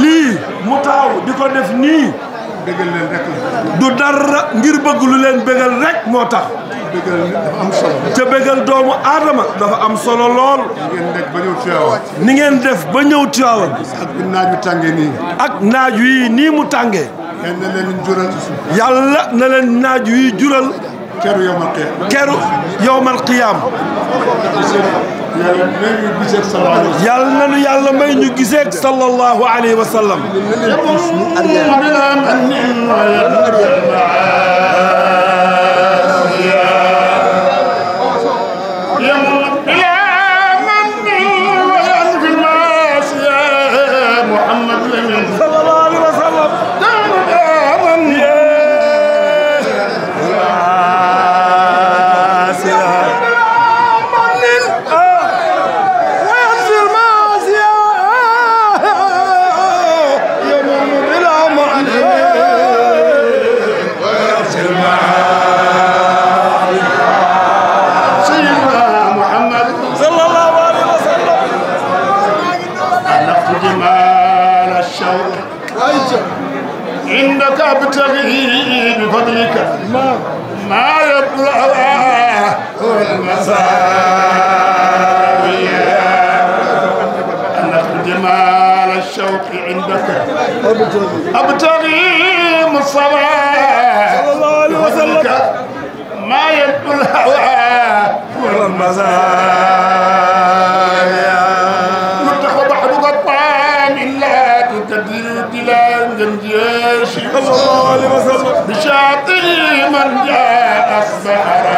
lii mu taaw di ko def nii. du dara ngir bëgg lu leen bëggal rek moo tax. ca dafa am solo. bëggal doomu aadama dafa am solo lool. ni ngeen def ba ñëw Tiwaawan. ni ngeen def ba ñëw Tiwaawan. ak naaj yu nii. ak naaj yi nii mu tàngee. yal na leen naaj yi jural. keru yowmal keru yowmal qiyaam. yàlla may ñu gisee ak sallallahu alayhi wa sallam. yàlla na nu yàlla may ñu gisee أبتغي بفضلك ما يطلع والمساوي أنا جمال الشوق عندك أبتغي مصطفى صلى الله عليه وسلم ما يطلع والمساوي عليه وسلم بشاطئ من جاء أصبح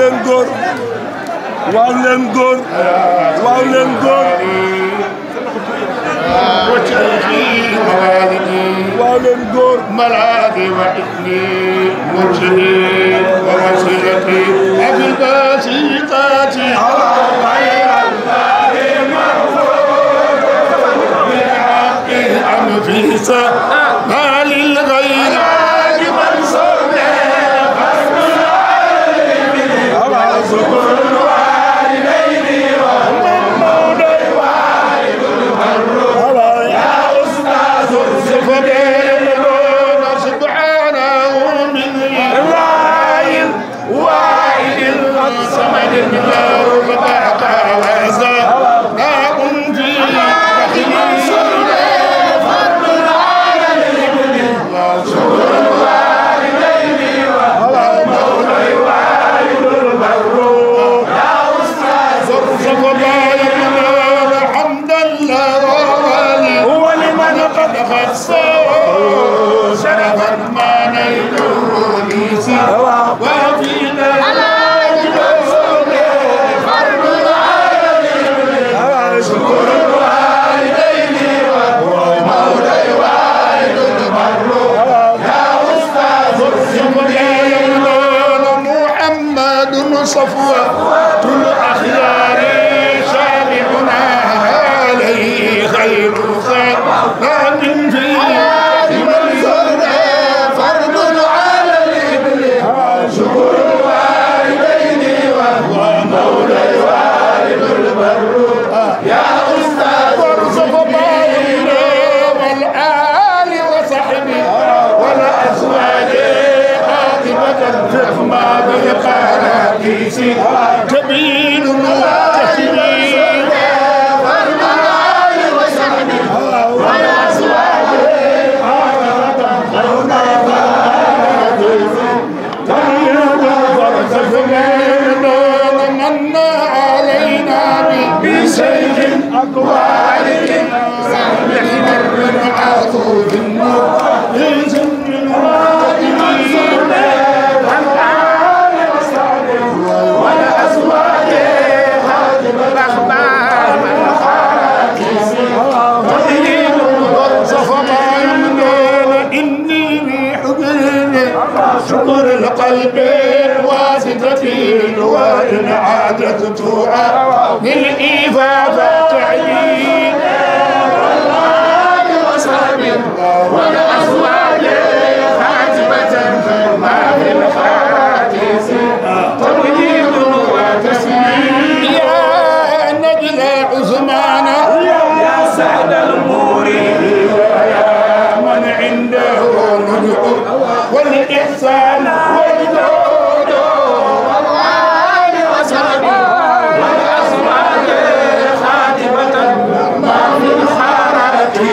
leen góor waaw leen góor waaw leen góor waaw leen góor malaadi wa ibni murshidi wa wasilati abil basitati في سماء سيدها جميل التشريف والمال وسحبه والأزواج من علينا بشيء أقوالك سهل من عطوف النور قلبي واسطتي وإن عادت بالإيفاء فتعليم والله وصحبه والأزواج خاتمة فما في الخاتم تمجيد وتسميم يا نجل عثمان يا سعد الموري ويا من عنده نجوم والإحسان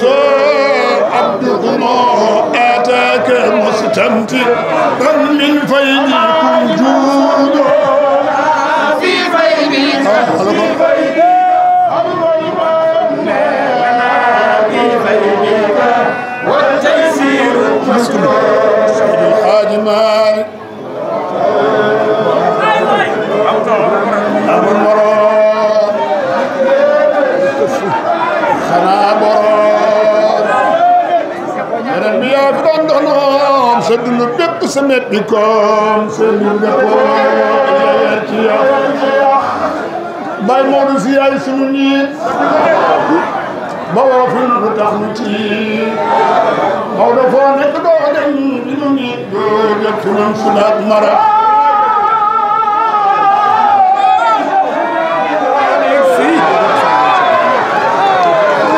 شاء عبدك ما آتاك مستمتعا من فيدكم جودا samet bi koom sëriñ bi koom ci yow bay Modou si yaay sunu nit ba woo fi lu tax mu ci Maodo foo nekk doo dem di ñu ngi doo def sunam sunaat mara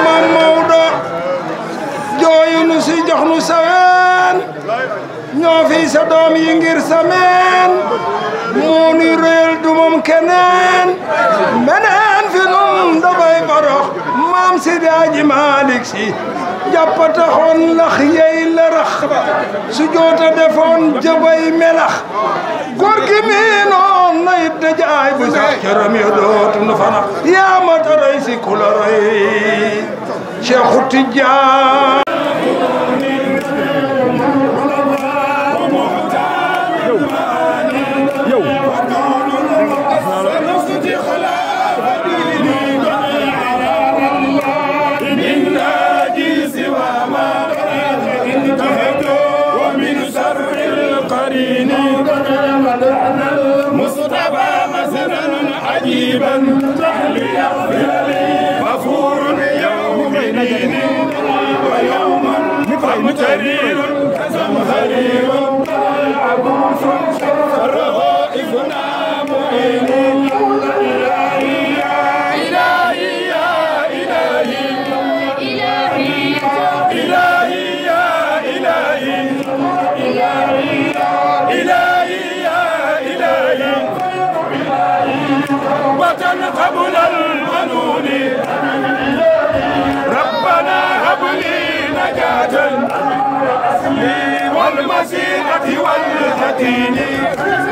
maam Maodo jooyu nu si jox nu saw ñoo fi sa doom yi ngir sa meen moo nu réel du moom fi nun dafay borox maam si daaji Maalik si jàppata lax yey lërax su joota defoon jëbay melax góor gi mii noon na it ya dootu nu fanax yaa ma si ku la roy الديني بدل مدحنا المصطفى مثلا عجيبا تحلي غفور يوم ديني ويوما متريل Latin.